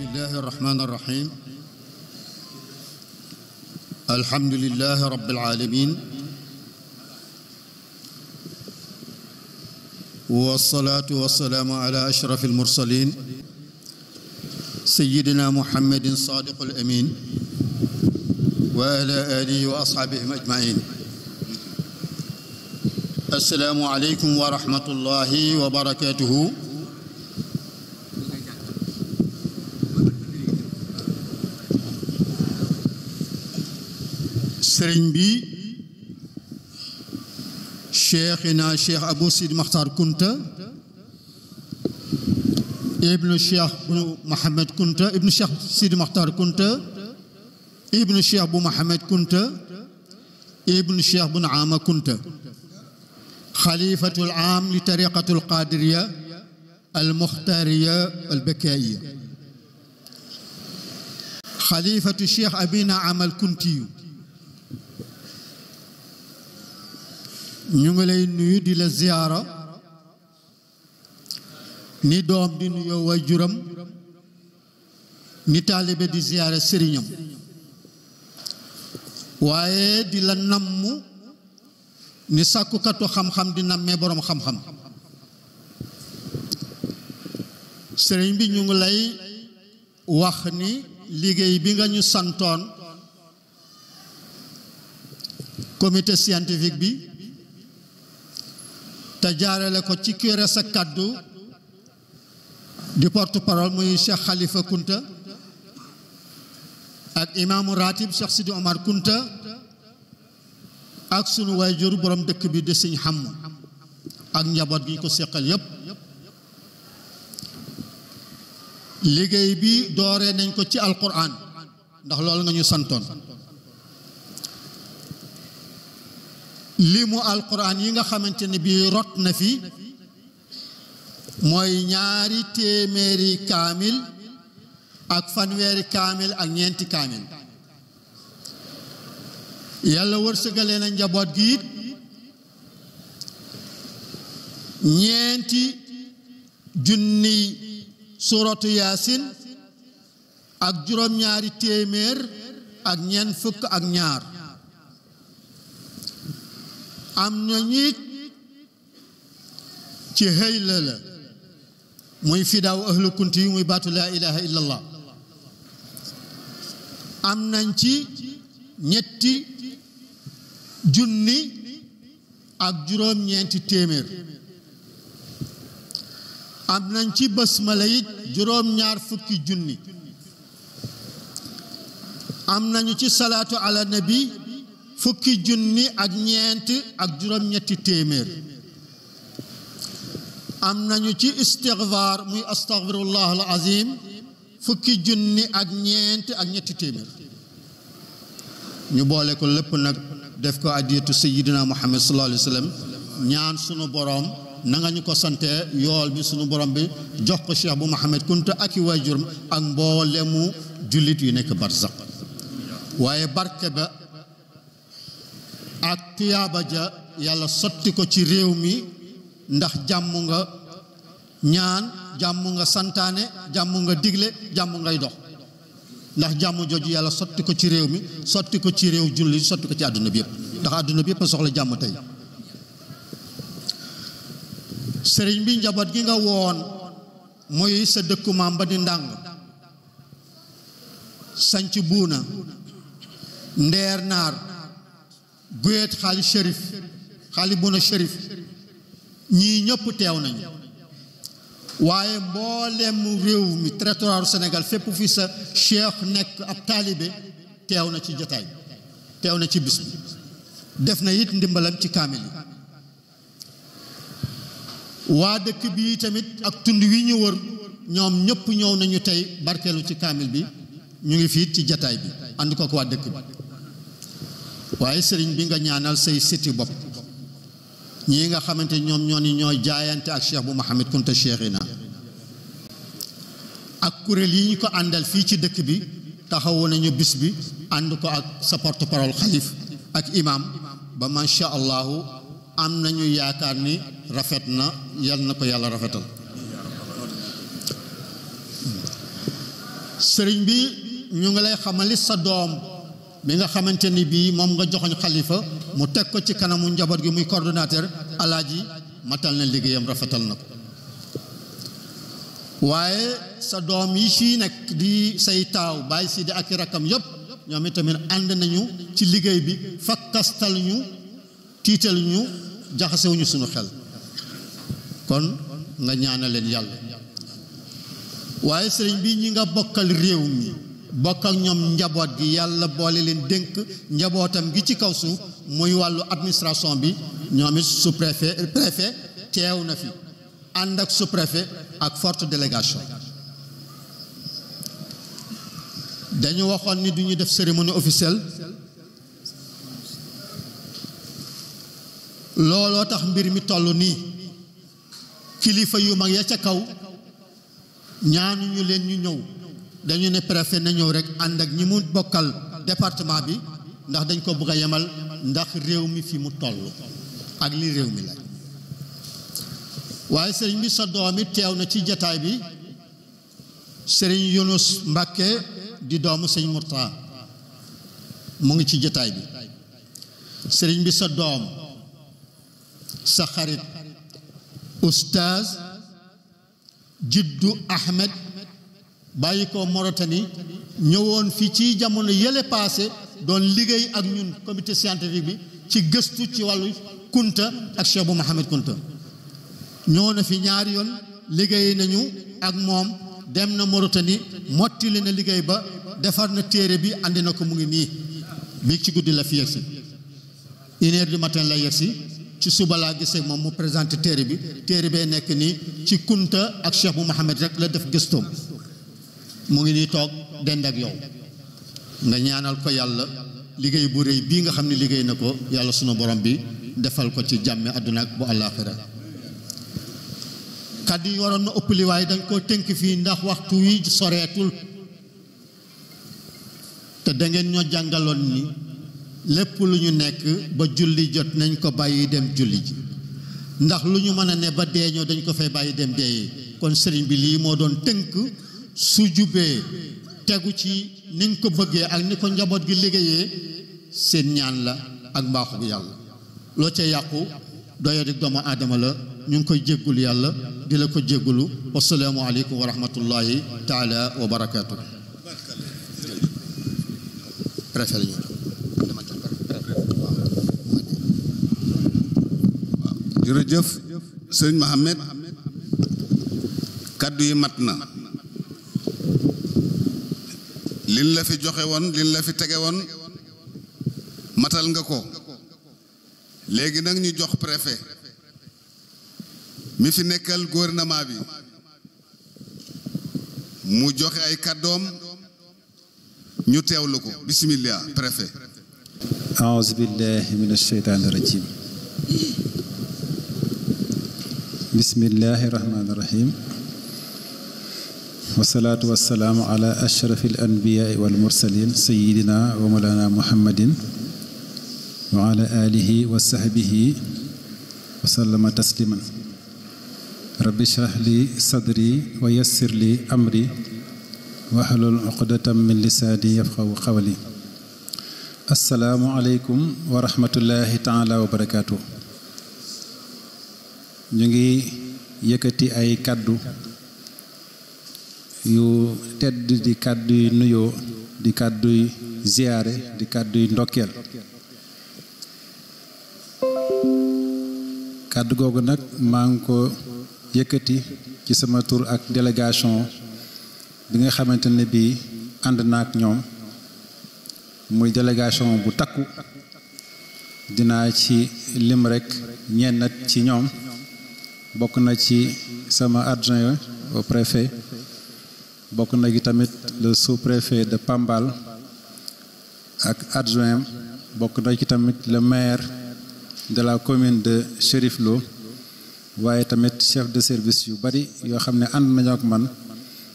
بسم الله الرحمن الرحيم الحمد لله رب العالمين والصلاة والسلام على أشرف المرسلين سيدنا محمد صادق الأمين وعلى آله وأصحابه أجمعين السلام عليكم ورحمة الله وبركاته سرين بي شيخنا شيخ أبو سيد مختار كنت ابن الشيخ بن محمد كنت ابن الشيخ سيد مختار كنت ابن الشيخ أبو محمد كنت ابن الشيخ بن عامة كنت خليفة العام لطريقة القادرية المختارية البكائية خليفة الشيخ أبينا عمل كنتيو ñu ngi lay nuyu di la ziyaara ni doom di nuyoo waajuram ni taalibe di ziyaara sëriñam waaye di la namm ni sàkkukatu xam-xam di nammee boroom xam-xam sëriñ bi ñu ngi lay wax ni liggéey bi nga ñu santoon comité scientifique bi te jaarale ko ci ki yore sa kàddu di porte parole muy Cheikh Khalifa Kunta ak imaamu ratib Cheikh Sidi Omar Kunta ak sunu waajur borom dëkk bi di Sëñ Xamm ak njaboot gi ko seqal yépp liggéey bi dooree nañ ko ci alquran ndax loolu nga ñu santoon limu alquran yi nga xamante ne bii rot na fi mooy ñaari téeméeri kaamil ak fanweeri kaamil ak ñeenti kaamil yàlla wërsëgale na njaboot gi it ñeenti junniy suratu yaasin ak juróom-ñaari téeméer ak ñeent fukk ak ñaar am nañu ci hëyla la muy fidaaw ahlu kunti muy baatu laa ilaha illa allah am nañ ci ñetti junni ak juróom-ñeenti téeméer am nañ ci basmala it juróom-ñaar fukki junni am nañu ci salaatu ala nabi fukki junni ak ñeent ak juróom ñetti téeméer am nañu ci istighfar muy astaghfirullah al azim fukki junni ak ñeent ak ñetti téeméer ñu boole ko lépp nag def ko adiyatu sayyidina muhammad sallallahu alayhi wasallam ñaan sunu borom na nga ñu ko sante yool bi sunu borom bi jox ko cheikh bu mohammed kunta ak i waajuram ak mboolemu julit yu nekk barzaq waaye barke ba ak tiyaaba ja yàlla sotti ko ci réew mi ndax jàmm nga ñaan jàmm nga santaane jàmm nga digle jàmm ngay dox ndax jàmm jooju yàlla sotti ko ci réew mi sotti ko ci réew julli sotti ko ci àdduna bi yëpp ndax àdduna bi yëpp a soxla jàmm tey sëriñ bi njaboot gi nga woon muy sa dëkku maam ba di ndàng sanc buuna ndeer naar Guyet xaali Cherif xaali Buna Cherif ñii ñëpp teew nañu waaye mboolem réew mi territoire Sénégal fépp fi sa cheikh nekk ab taalibe teew na ci jotaay teew na ci bis def na it ndimbalam ci kaamil yi waa dëkk bi tamit ak tund wi ñu wër ñoom ñëpp ñëw nañu tey barkeelu ci kaamil bi ñu ngi fii ci jataay bi ànd ko ak waa dëkk bi waye serigne bi nga ñaanal say city bop ñi nga xamanté ñom ñoo ni nga xamante nom ñoo ni noy jaayante ak cheikh bu mohammed Kunta Cheikhina ak kuréel yi ñu ko àndal fi ci dëkk bi taxawu nañu bis bi ànd ko ak sa porte parole khalif ak imam ba ma sha allah am nañu yaakar ni rafetna yal na ko yàlla rafetal serigne bi ñu ngi lay xamali sa dom mi nga xamante ni bii moom nga joxoñ xalifa mu teg ko ci kanamu njaboot gi muy coordonnateur alaaji matal na liggéeyam rafetal na ko waaye sa doom yi fii nekk di say taaw bàyyi si di ak i rakkam yëpp ñoom itamit ànd nañu ci liggéey bi fakkastal ñu tiital ñu jaxasewuñu suñu xel kon nga ñaana leen yàlla waaye sëriñ bi ñi nga bokkal réew mi bokk ak ñoom njaboot gi yàlla boole leen dénk njabootam gi ci kaw suuf muy wàllu administration bi ñoom it sous préfet préfet teew na fi ànd ak sous préfet ak forte délégation dañu waxoon ni du def cérémonie officielle looloo tax mbir mi toll nii kilifa yu mag ya ca kaw ñaanuñu leen ñu ñëw dañu ne préfet na ñëw rek ànd ak ñi mu bokkal département bi ndax dañ ko bëgg a yemal ndax réew mi fi mu toll ak li réew mi la waaye sëriñ bi sa doom it teew na ci jataay bi sëriñ Yunus Mbàkke di doomu sëñ Murtaa mu ngi ci jataay bi sëriñ bi sa doom sa xarit oustaz Jiddu Ahmed bàyyi ko Mauritanie ñëwoon fi ci jamono yële paase doon liggéey ak ñun comité scientifique bi ci gëstu ci wàllu Kunta ak Cheikh bu Mouhamed Kunta ñoo na fi ñaari yoon liggéey nañu ak moom dem na Mauritanie mottali na liggéey ba defar na téere bi andi na ko mu ngi nii bii ci guddi la fi yegg si matin la yegg si ci suba laa gisee moom mu présenté téere bi téere bee nekk nii ci Kunta ak Cheikh bu Mouhamed rek la def gëstoom mu ngi nii toog dend ak yow nga ñaanal ko yàlla liggéey bu rëy bii nga xam ne liggéey na ko yàlla sunu borom bi defal ko ci jàmme àdduna ak bu àllaaxira kàddu yi waroon na ëpp li waaye dañ koo tënk fii ndax waxtu wi soreetul te da ngeen ñoo jàngaloon ni lépp lu ñu nekk ba julli jot nañ ko bàyyi dem julli ji ndax lu ñu mën a ne ba dee ñoo dañ ko fay bàyyi dem dee kon sëriñ bi lii moo doon tënk su jubee tegu ci ni nga ko bëggee ak ni ko njaboot gi liggéeyee seen ñaan la ak mbaaxu bu yàlla loo ca yàqu doyo di doomu aadama la ñu ngi koy jéggul yàlla di la ko jéggulu wasalaamu aleykum wa rahmatullahi taala wa barakaatu jërëjëf sëñ Mohamed kaddu yi mat na lin la fi joxe woon lin la fi tege woon matal nga ko léegi nag ñu jox préfet mi fi nekkal gouvernement bi mu joxe ay kàddoom ñu teewlu ko bismillah préfet أعوذ بالله من الشيطان الرجيم بسم الله الرحمن والصلاة والسلام على أشرف الأنبياء والمرسلين سيدنا ومولانا محمد وعلى آله وصحبه وسلم تسليما رب اشرح لي صدري ويسر لي أمري واحلل عقدة من لساني يفقهوا قولي السلام عليكم ورحمة الله تعالى وبركاته نجي يكتي أي كادو yu tedd di kàddu yu nuyoo di kàddu yu ziyaare di kàddu yu ndokkeel kàddu googu nag maa ngi ko yëkkati ci sama tur ak délégation bi nga xamante ne bii ànd naa ak ñoom muy délégation bu takku dinaa ci lim rekk ñennat ci ñoom bokk na ci sama adjoint au préfet bokk na tamit le sous-préfet de Pambal ak adjoint bokk na tamit le maire de la commune de Cheriflo, Lo waaye tamit chef de service yu bari yoo xam ne ànd ak man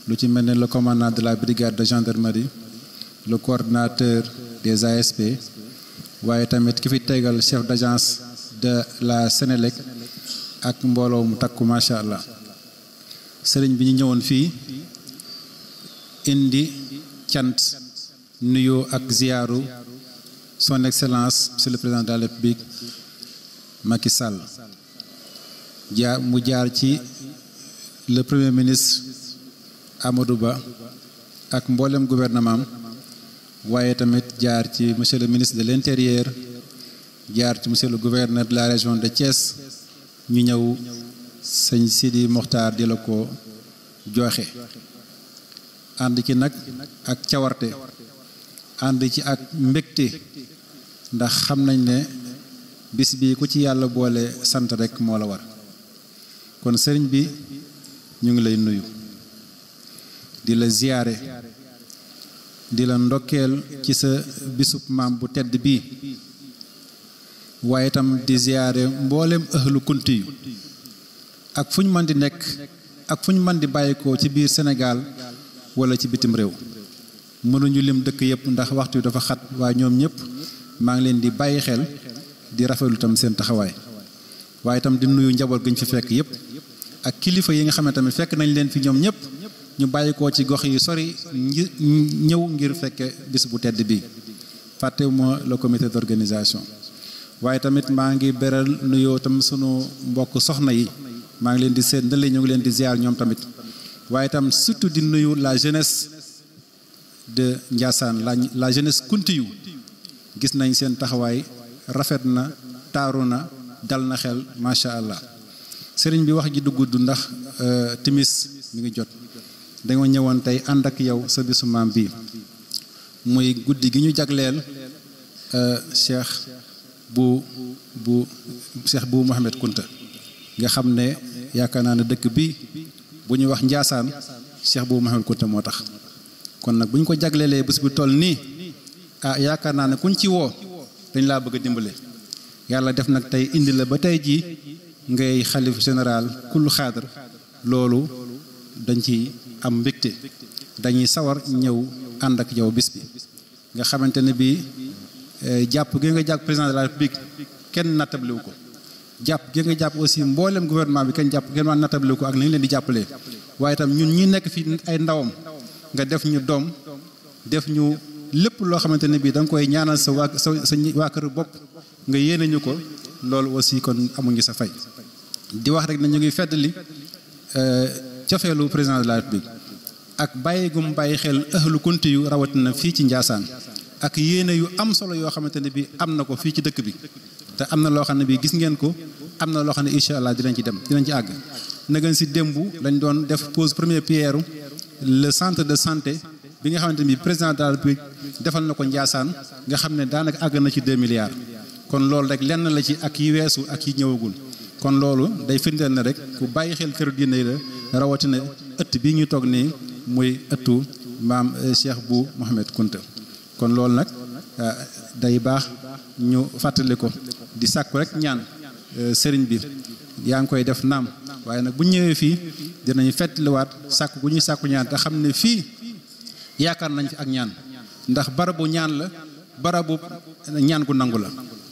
lu ci mel le commandant de la brigade de gendarmerie le coordinateur des ASP waaye tamit ki fi chef d'agence de la Sénélec ak Mbolo mu takku macha allah sëriñ bi ñu ñëwoon indi tiant Nuyo Akziaru, son excellence monsieur le président de la république Macky le premier ministre Amadou Ba ak gouvernement waye tamit jaar monsieur le ministre de l'intérieur jaar monsieur le gouverneur de la région de Thiès ñu ñew seigne Sidi Mokhtar ànd ci nag ak cawarte ànd ci ak mbégte ndax xam nañ ne bis bi ku ci yàlla boole sant rekk moo la war kon sëriñ bi ñu ngi lay nuyu di la ziyaare di la ndokkeel ci sa bisub maam bu tedd bii waaye itam di ziyaare mboolem ëhlu kunti ak fu ñu mën nekk ak fu ñu mën di bàyyikoo ci biir Sénégal wala ci bitim réew mënuñu lim dëkk yëpp ndax waxtu dafa xat waaye ñoom ñëpp maa ngi leen di bàyyi xel di rafetlu tam seen taxawaay waaye tam di nuyu njaboot gi ñu fi fekk yëpp ak kilifa yi nga xam ne tamit fekk nañ leen fi ñoom ñëpp ñu bàyyi ko ci gox yi sori ñëw ngir fekke bis bu tedd bi fàttewuma le comité d'organisation waaye tamit maa ngi beral nuyoo tam sunu mbokk soxna yi maa ngi leen di seet ndale ñu ngi leen di ziar ñoom tamit waaye itam surtout di nuyu la jeunesse de Ndiassane la la jeunesse kuntiyu gis nañ seen taxawaay rafet na taaru na dal na xel macha allah sëriñ bi wax ji du gudd ndax euh, timis mi ngi jot dañoo ñëwoon tey ànd ak yow sa bisu maam bi muy guddi gi ñu jagleel euh, cheikh bu bu cheikh bu Mohamed Kunta nga xam ne yaakaar naa ne dëkk bi bu ñuy wax njaasaan cheikh boobu Mahamad Kunta moo tax kon nag bu ñu ko jagleelee bés bu toll nii ah yaakaar naa ne kuñ ci woo dañ laa bëgg a dimbale yàlla def nag tey indi la ba tey jii ngay xalif général kul xaadar loolu dañ ci am mbégte dañuy sawar ñëw ànd ak yow bis bi nga xamante ne bii eh, jàpp gi nga jàpp président de la république kenn nattabliwu ko jàpp gi jàpp aussi mboolem gouvernement bi kenn jàpp kenn maa natable ko ak lañ leen di jàppalee waaye tam ñun ñi nekk fi ay ndawam nga def ñu doom def ñu lépp loo xamante ne bii da nga koy ñaanal sa waa sa sa waa kër bopp nga yéene ñu ko loolu aussi kon amuñu sa fay. di wax rek na ñu ngi feddali euh, cofeelu président de la république ak bàyyi gum bàyyi xel ëhlu kunti yu rawatina fii ci Njaasaan ak yéene yu am solo yoo xamante ne bii am na ko fii ci dëkk bi. te am na loo xam ne bii gis ngeen ko am na loo xam ne incha allah dinañ ci dem dinañ ci àgg nagan si démb dañu doon def pose premier pierre le centre de santé bi nga xamante ni président de defal na ko Njaasaan nga xam ne daanaka àgg na ci de milliards kon loolu rek lenn la ci ak yi weesu ak yi ñëwagul kon loolu day firndeel ne rek ku bàyyi xel këru diine la rawatina ëtt bii ñu toog nii muy ëttu mbaam eh, Cheikh bu Mouhamed Kunta kon loolu nag eh, day baax ñu fàttali ko di sàkku rek ñaan eh, sëriñ bi yaa ngi koy def naam waaye nag bu ñëwee fii dinañu fettliwaat sàkku gu ñuy sàkku ñaan te xam ne fii yaakaar nañ ak ñaan ndax barabu ñaan la barabu ñaan gu nangu la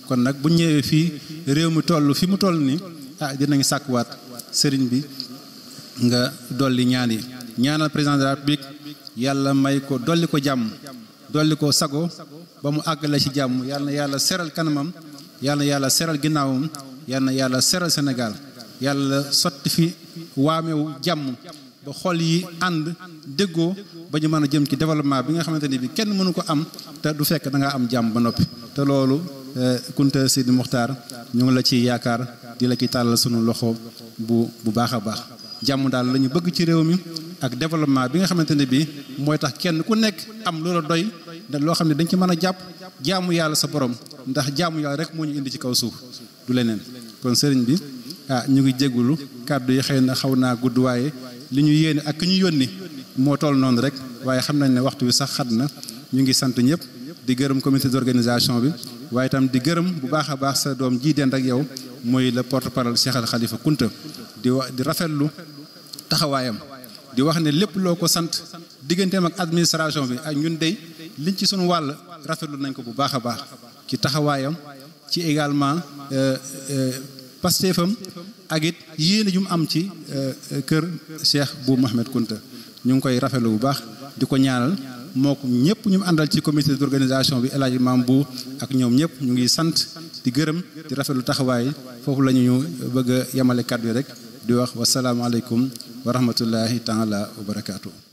kon nag bu ñëwee fii réew mi toll fi mu toll ni ah dinañ sàkkuwaat sëriñ bi nga dolli ñaan yi ñaanal président de la république yàlla may ko dolli ko jàmm dolli ko sago ba mu àggale ci jàmm yàlla na yàlla seral kanamam Yana na yàlla seral ginnaawam yal na yàlla seral Sénégal yàlla sotti fi waamewu jam, ba xol yi ànd déggoo ba ñu mën jëm ci développement bi nga bi kenn mënu ko am te du fekk da am jam ba noppi te dimuktar, eh, Kunta Sidi Muxtaar ñu la ci di la ci tàllal sunu loxo bu bu baax a baax jàmm daal la bëgg ci réew mi ak développement bi nga xamante bi tax kenn ku nekk am loola doy loo xam ne dañ ci mën a jaamu sa borom ndax jaamu yàlla rek moo ñu indi ci kaw suuf du leneen kon sëriñ bi ah ñu ngi jéggulu kàddu yi xëy na xaw naa gudd waaye li ñu yéene ak ki ñu yónni moo tool noonu rek waaye xam nañ ne waxtu wi sax xat na ñu ngi sant ñëpp di gërëm commité d'organisation bi waaye itam di gërëm bu baax a baax sa doom jii dend ak yow mooy le porte-parole seexal Al Khalifa Kunta di wa di rafetlu taxawaayam di wax ne lépp loo ko sant digganteem ak administration bi ak ñu dey liñ sunu wàll rafetlu nañ ko bu baax a baax ci taxawaayam ci également euh, euh, pasteefam ak it yéene ju mu am ci euh, kër Cheikh Bou Mouhamed Kounta ñu ngi koy rafetlu bu baax di ko ñaanal moo ko ñëpp ñu mu àndal ci comité d'organisation bi El Hadj Mam Bou ak ñoom ñëpp ñu ngi sant di gërëm di rafetlu taxawaay foofu la ñu bëgg a yemale kàddu yi rek di wax wasalaamaaleykum wa rahmatullahi taala wa barakaatu.